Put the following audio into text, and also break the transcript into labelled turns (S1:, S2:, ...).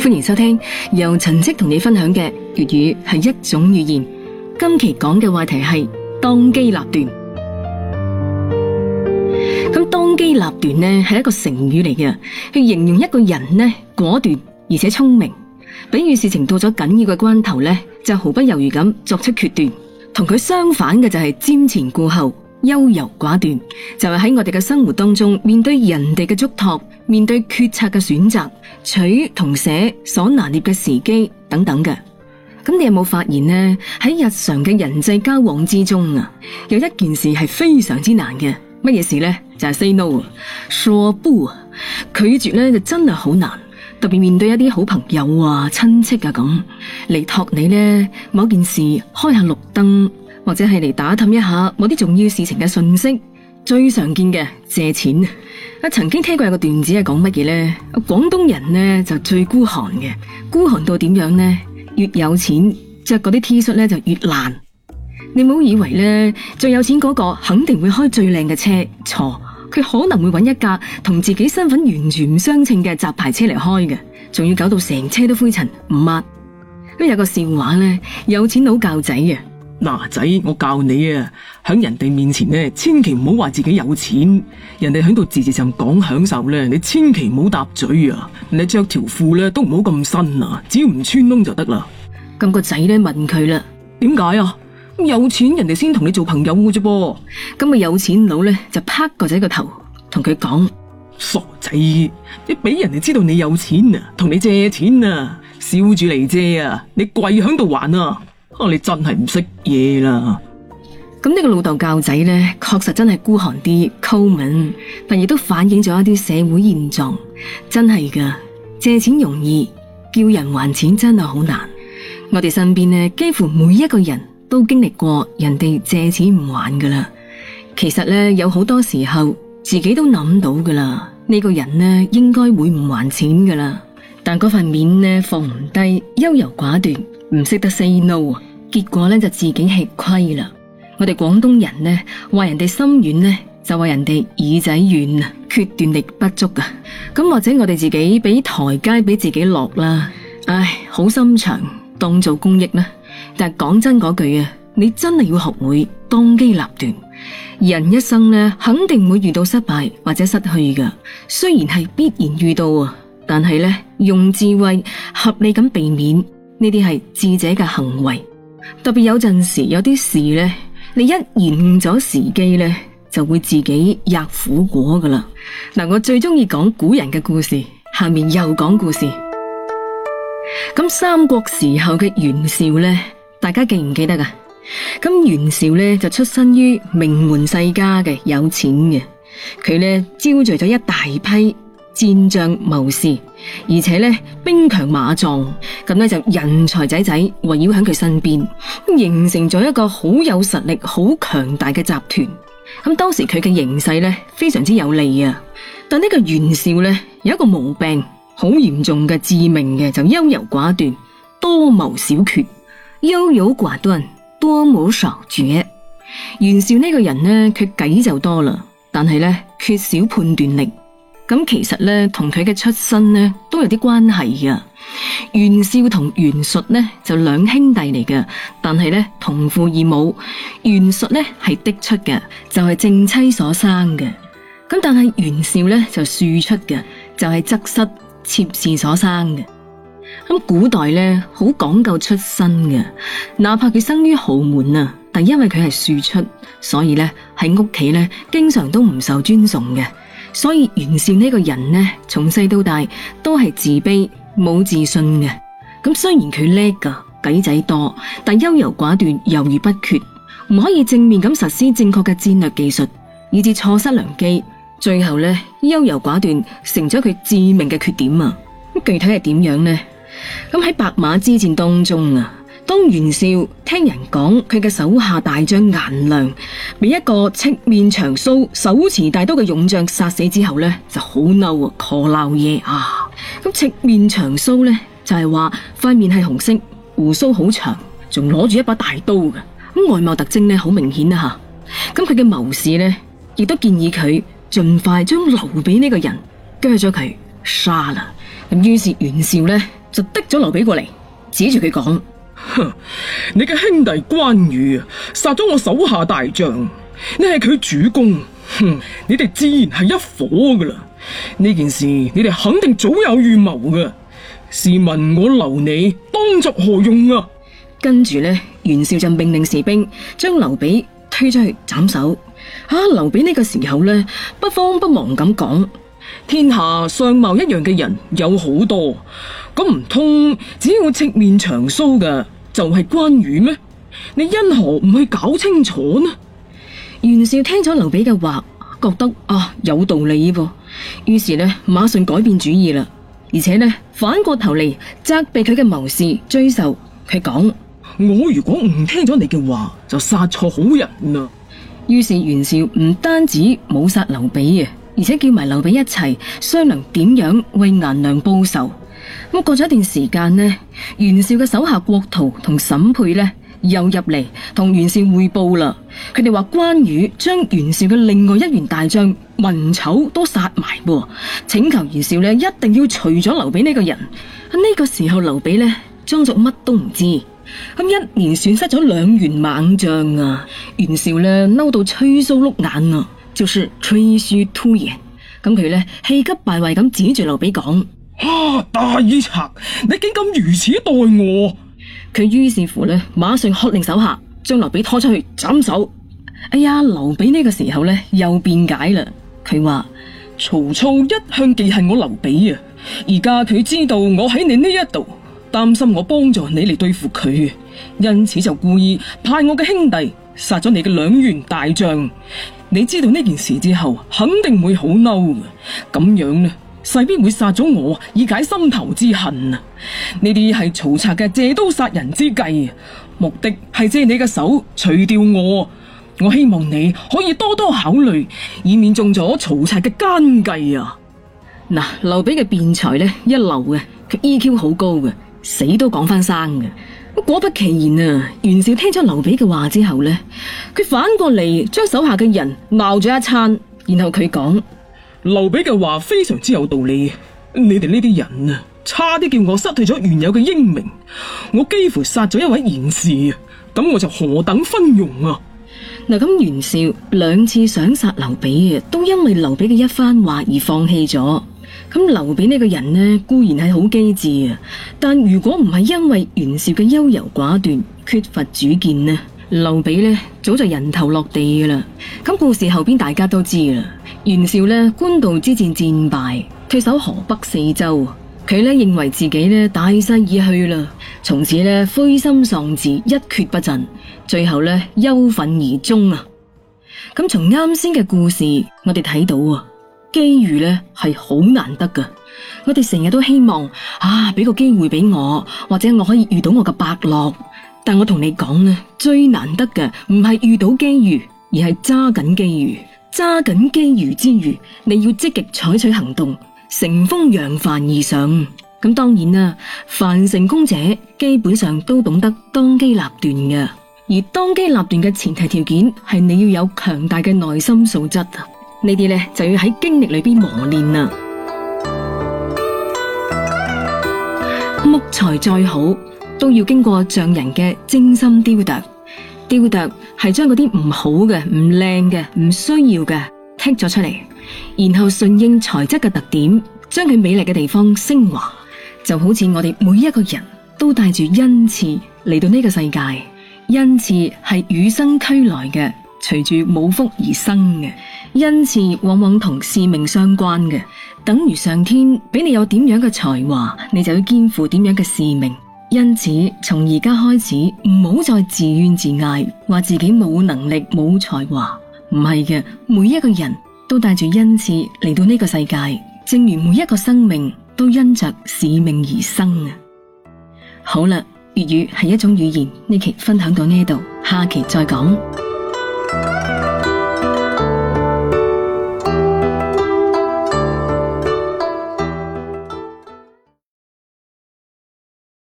S1: 歡迎收聽，由陳積同你分享嘅粵語係一種語言。今期講嘅話題係當機立斷。咁當機立斷咧係一個成語嚟嘅，去形容一個人呢，果斷而且聰明，比喻事情到咗緊要嘅關頭呢，就毫不猶豫咁作出決斷。同佢相反嘅就係瞻前顧後。優柔寡斷就係、是、喺我哋嘅生活當中，面對人哋嘅囑託，面對決策嘅選擇，取同捨所拿捏嘅時機等等嘅。咁你有冇發現呢？喺日常嘅人際交往之中啊，有一件事係非常之難嘅。乜嘢事呢？就係、是、say no，說不，拒絕呢就真係好難。特別面對一啲好朋友啊、親戚啊咁嚟託你呢，某件事開下綠燈。或者係嚟打探一下某啲重要事情嘅信息，最常見嘅借錢。啊，曾經聽過有個段子係講乜嘢呢？廣東人呢就最孤寒嘅，孤寒到點樣呢？越有錢，着嗰啲 T 恤咧就越爛。你唔好以為呢，最有錢嗰個肯定會開最靚嘅車，錯，佢可能會揾一架同自己身份完全唔相稱嘅雜牌車嚟開嘅，仲要搞到成車都灰塵唔抹。咁有個笑話呢：「有錢佬教仔嘅。
S2: 嗱、啊、仔，我教你啊！喺人哋面前咧，千祈唔好話自己有錢，人哋喺度字字上講享受咧，你千祈唔好搭嘴啊！你着條褲咧都唔好咁新啊，只要唔穿窿就得啦。咁個仔咧問佢啦，點解啊？有錢人哋先同你做朋友嘅啫噃。咁個有錢佬咧就拍個仔個頭，同佢講：傻仔，你俾人哋知道你有錢啊，同你借錢啊，笑住嚟借啊，你跪喺度還啊！你真係唔識嘢啦！
S1: 咁呢個老豆教仔呢，確實真係孤寒啲、摳敏，但亦都反映咗一啲社會現狀。真係噶，借錢容易，叫人還錢真係好難。我哋身邊呢，幾乎每一個人都經歷過人哋借錢唔還噶啦。其實呢，有好多時候自己都諗到噶啦，呢個人呢應該會唔還錢噶啦，但嗰份面呢，放唔低，優柔寡斷，唔識得 say no 啊！結果呢，就自己吃虧啦。我哋廣東人呢，話人哋心軟呢，就話人哋耳仔軟啊，決斷力不足啊。咁或者我哋自己俾台階俾自己落啦，啊。唉，好心腸當做公益啦。但係講真嗰句啊，你真係要學會當機立斷。人一生呢，肯定會遇到失敗或者失去噶，雖然係必然遇到啊，但係呢，用智慧合理咁避免呢啲係智者嘅行為。特別有陣時有啲事咧，你一延誤咗時機咧，就會自己吃苦果噶啦。嗱，我最中意講古人嘅故事，下面又講故事。咁三國時候嘅袁紹咧，大家記唔記得啊？咁袁紹咧就出身於名門世家嘅，有錢嘅，佢咧招聚咗一大批。戰將謀士，而且呢兵強馬壯，咁呢就人才濟濟圍繞喺佢身邊，形成咗一個好有實力、好強大嘅集團。咁當時佢嘅形勢呢非常之有利啊！但呢個袁紹呢有一個毛病，好嚴重嘅致命嘅就優柔寡斷，多謀少決，優柔寡斷，多謀少決。袁紹呢個人呢，佢計就多啦，但係呢缺少判斷力。咁其實咧，同佢嘅出身咧都有啲關係嘅。袁紹同袁術呢就兩兄弟嚟嘅，但係咧同父異母。袁術咧係嫡出嘅，就係正妻所生嘅。咁但係袁紹咧就庶出嘅，就係側室妾侍所生嘅。咁古代咧好講究出身嘅，哪怕佢生於豪門啊，但因為佢係庶出，所以咧喺屋企咧經常都唔受尊崇嘅。所以袁紹呢個人呢，從細到大都係自卑、冇自信嘅。咁雖然佢叻㗎，計仔多，但係優柔寡斷、猶豫不決，唔可以正面咁實施正確嘅戰略技術，以致錯失良機。最後呢，優柔寡斷成咗佢致命嘅缺點啊！咁具體係點樣呢？咁喺白馬之戰當中啊。當袁紹聽人講佢嘅手下大將顏良被一個赤面長鬚、手持大刀嘅勇將殺死之後恰恰，啊、呢，就好嬲啊，狂鬧嘢啊。咁赤面長鬚呢，就係話塊面係紅色，鬍鬚好長，仲攞住一把大刀嘅。咁外貌特徵呢，好明顯啊。吓，咁佢嘅謀士呢，亦都建議佢盡快將劉備呢個人跟住將佢殺啦。咁於是袁紹呢，就逼咗劉備過
S2: 嚟，指住佢講。哼！你嘅兄弟關羽啊，殺咗我手下大將，你係佢主公，哼！你哋自然係一伙噶啦。呢件事你哋肯定早有預謀噶。試問我留你當作何用啊？跟住呢，袁紹就命令士兵將劉備
S1: 推出去斬首。啊！劉備呢個時候呢，不慌不忙咁講。
S2: 天下相貌一樣嘅人有好多，咁唔通只要我赤面長須嘅就係、是、關羽咩？你因何唔去搞清楚呢？袁紹聽咗劉備嘅話，覺得啊有道理噃、
S1: 啊，於是呢馬上改變主意啦，而且呢反過頭嚟責備佢嘅謀士追仇。佢講：我如果唔聽咗你嘅話，就殺錯好人啦。於是袁紹唔單止冇殺劉備嘅。而且叫埋劉備一齊商量點樣為顏良報仇。咁過咗一段時間呢，袁紹嘅手下郭圖同審配呢又入嚟同袁紹匯報啦。佢哋話關羽將袁紹嘅另外一員大將文醜都殺埋，請求袁紹呢一定要除咗劉備呢個人。喺呢個時候，劉備呢裝作乜都唔知。咁一年損失咗兩員猛將啊，袁紹呢嬲到吹鬚碌眼啊！就是吹鬚突眼，咁佢呢氣急，急敗壞咁指住劉備講：
S2: 啊，大耳賊，你竟敢如此
S1: 待我！佢於是乎呢馬上喝令手下將劉備拖出去斬
S2: 首。哎呀，劉備呢個時候呢又辯解啦，佢話：曹操一向記恨我劉備啊，而家佢知道我喺你呢一度，擔心我幫助你嚟對付佢，因此就故意派我嘅兄弟殺咗你嘅兩員大將。你知道呢件事之後，肯定會好嬲嘅，咁樣呢，勢必會殺咗我以解心頭之恨啊！呢啲係曹賊嘅借刀殺人之計，目的係借你嘅手除掉我。我希望你可以多多考慮，以免中咗曹賊嘅奸計啊！嗱，劉備嘅辯才咧一流嘅，佢 EQ 好高嘅，死
S1: 都講翻生嘅。果不其然啊！袁紹聽咗劉備嘅話之後呢，佢反過嚟將手下嘅人鬧咗一餐，然後佢講：
S2: 劉備嘅話非常之有道理，你哋呢啲人啊，差啲叫我失去咗原有嘅英明，我幾乎殺咗一位賢士啊，咁我就何等昏庸啊！嗱，咁袁紹兩次想殺劉備啊，都因為劉備嘅一番話而
S1: 放棄咗。咁劉備呢個人呢固然係好機智啊，但如果唔係因為袁紹嘅優柔寡斷、缺乏主見呢，劉備呢早就人頭落地噶啦。咁故事後邊大家都知啦，袁紹呢官渡之戰戰敗，退守河北四州。佢呢認為自己呢大勢已去啦，從此呢灰心喪志，一蹶不振，最後呢憂憤而終啊。咁從啱先嘅故事，我哋睇到啊。機遇咧係好難得噶，我哋成日都希望啊，俾個機會俾我，或者我可以遇到我嘅伯樂。但我同你講咧，最難得嘅唔係遇到機遇，而係揸緊機遇。揸緊機遇之餘，你要積極採取行動，乘風揚帆而上。咁當然啦，凡成功者基本上都懂得當機立斷嘅，而當機立斷嘅前提條件係你要有強大嘅內心素質啊。呢啲咧就要喺經歷裏邊磨練啦。木材再好，都要經過匠人嘅精心雕琢。雕琢係將嗰啲唔好嘅、唔靚嘅、唔需要嘅剔咗出嚟，然後順應材質嘅特點，將佢美麗嘅地方升華。就好似我哋每一個人都帶住恩賜嚟到呢個世界，恩賜係與生俱來嘅，隨住冇福而生嘅。恩賜往往同使命相關嘅，等於上天俾你有點樣嘅才華，你就要肩負點樣嘅使命。因此，從而家開始唔好再自怨自艾，話自己冇能力、冇才華。唔係嘅，每一個人都帶住恩賜嚟到呢個世界，正如每一個生命都因着使命而生啊！好啦，粵語係一種語言，呢期分享到呢度，下期再講。